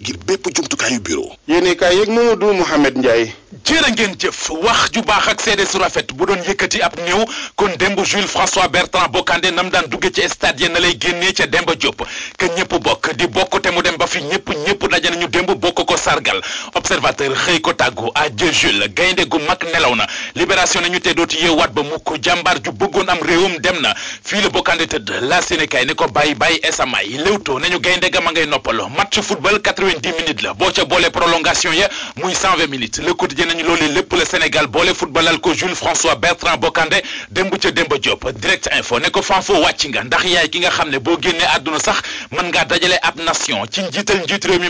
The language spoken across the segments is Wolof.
ngir bépp jumtukaayu bureau. yéene kaay yeeg Mamadou Mouhamed Ndiaye. jërë ngeen jëf wax ju baax ak seede su rafet bu doon yëkkati ab néew kon démb Jules François Bertrand Bocandé nam daan dugge ci stade ya na lay génne ca Demba Diop ka ñëpp bokk di bokk te mu dem ba fi ñëpp ñëpp. sargal observateur xëy ko tàggu adieu Jules gaynde gu mag nelaw na libération nañu te yeewaat ba mukk jàmbaar ju bëggoon am réewum dem na fii la bokkaande tëdd la Sénégal ni ko bàyyi bàyyi esamay léewtoo nañu gaynde ga ma ngay noppalo match football minutes la boo ca boole prolongation ya muy 120 minutes le quotidien nañu loolu lépp la Sénégal boole footballal ko Jules François Bertrand Bokandé démb ca Demba Diop direct info ne ko fanfoo wàcc nga mën ngaa dajale ab nation ci njiital njiit réew mi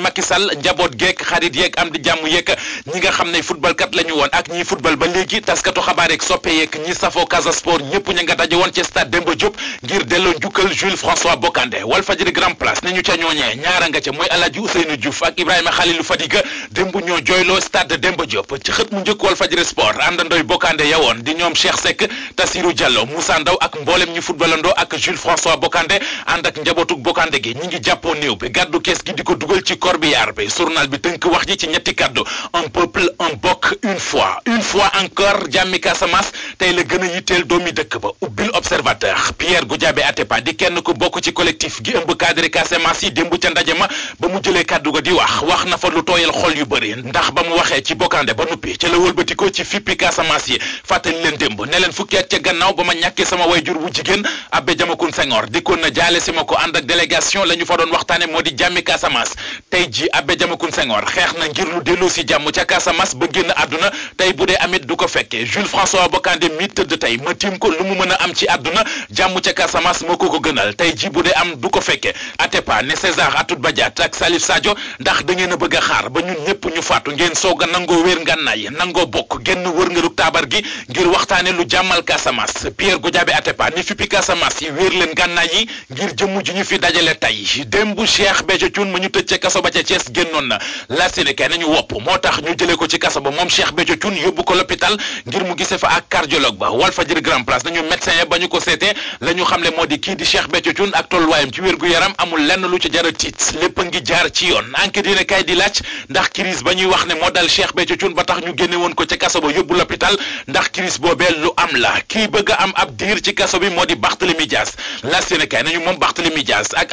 njaboot geek xarit yeeg am di jàmm yeeg ñi nga xam ne football kat la ñu woon ak ñiy football ba léegi taskatu xabaar yeeg soppe yeeg ñi safoo Casa Sport ñëpp ña nga daje woon ci stade Demba Diop ngir delloo njukkal Jules François Bocandé Walfadjri Grand Place ne ñu ca ñooñee ñaara nga ca mooy Aladji Ousseynou Diouf ak Ibrahima Khalilou Fadiga démb ñoo jooyloo stade Demba Diop ci xët mu njëkk Walfadjri sport àndandoy Bokande yawoon di ñoom Cheikh Seck Tassirou Diallo Moussa Ndaw ak mboolem ñi footballandoo ak Jules François Bokande ànd ak njabootug bokkande gi ñi ngi jàppoo néew bi gàddu kees gi di ko dugal ci corbillard bi journal bi tënk wax ji ci ñetti kàddu un peuple un bokk une fois une fois encore jàmmi Casamance tey la gën a yitteel doomi dëkk ba l'observateur Pierre Goudiaby Atepa di kenn ku bokk ci collectif gi ëmb cadre Casamance yi démb ca ndaje ma ba mu jëlee kàddu ga di wax wax na fa lu tooyal xol yu bëri ndax ba mu waxee ci bokkande ba nuppi ca la wëlbatikoo ci fippi Casamance yi fàttali leen démb ne leen fukki at ca gannaaw ba ma ñàkkee sama jur bu jigéen Abbé Diamacoune Senghor dikkoon na jaale si ma ko ànd ak délégation la ñu fa doon waxtaane moo di jàmmi Casamance tey ji Abbé Diamecoune Senghor xeex na ngir lu dellu si jàmm ca Casamance ba génn àdduna tey bu dee amit du ko fekkee Jules François Bocandé mi tëdd tey ma tiim ko lu mu mën a am ci àdduna jàmm ca moo ko ko gënal tey ji bu dee am du ko fekkee Atepa ne César Atoute Badiate ak Salif Sadio ndax da ngeen a bëgg a xaar ba ñun ñëpp ñu faatu ngeen soog a nangoo wér ngànnaay nangoo bokk genn wërngalu taabar gi ngir waxtaane lu jàmmal Casamance Pierre Goudiaby Atepa ni fippi Casamance yi wéer leen ngànnaay yi ngir jëmm ju ñu fi dajale tey démb Cheikh kaso ba ca Thiès génnoon na la Sénégal nañu wopp moo tax ñu jëlee ko ci kaso ba moom Cheikh Béthio yóbbu ko l'hôpital ngir mu gise fa ak cardiologue ba Walfadjri Grand Place nañu médecin ya ba ñu ko seetee la xamle moo di kii di Cheikh Béthio Thioune ak tolluwaayam ci wér-gu-yaram amul lenn lu ci jara tiit lépp a ngi jaar ci yoon enquête dina di laaj ndax crise ba ñuy wax ne moo dal Cheikh Béthio Thioune ba tax ñu génne woon ko ca kaso ba yóbbu l'hôpital ndax crise boobee lu am la kii bëgg am ab diir moo di la Sénégal nañu moom Barthélémy Dias ak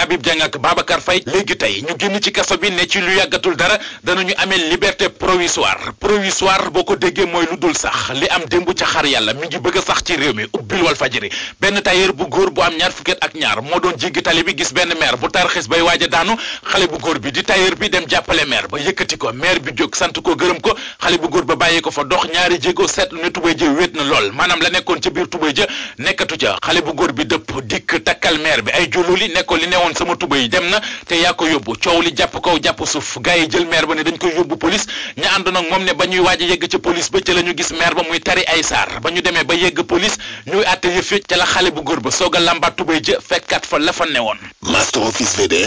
kaso bi ne ci lu yàggatul dara danañu amee liberté provisoire provisoire boo ko déggee mooy lu dul sax li am démb ca xar yàlla mi ngi bëgg a sax ci réew mi ubbil wal fajiri benn tailleur bu góor bu am ñaar fukki at ak ñaar moo doon jéggi tali bi gis benn maire bu tarxis bay waaj a daanu xale bu góor bi di tailleur bi dem jàppale maire ba yëkkati ko maire bi jóg sant ko gërëm ko xale bu góor ba bàyyi ko fa dox ñaari jéego seetlu ne tubay jë wéet na lool maanaam la nekkoon ca biir tubay jë nekkatu ca xale bu góor bi dëpp dikk takkal maire bi ay jululi nekko li newoon sama tubay dem na te yaa li jàpp kaw jàpp suuf gars yi jël maire ba ne dañ koy yóbbu police ña àndoon ak moom ne ba ñuy waaj a ca police ba ca la gis maire ba muy tari ay saar ba ñu demee ba yegg police ñuy àtte yëf ca la xale bu góor ba soog a làmbaat tubay ja fekkaat fa la fa newoon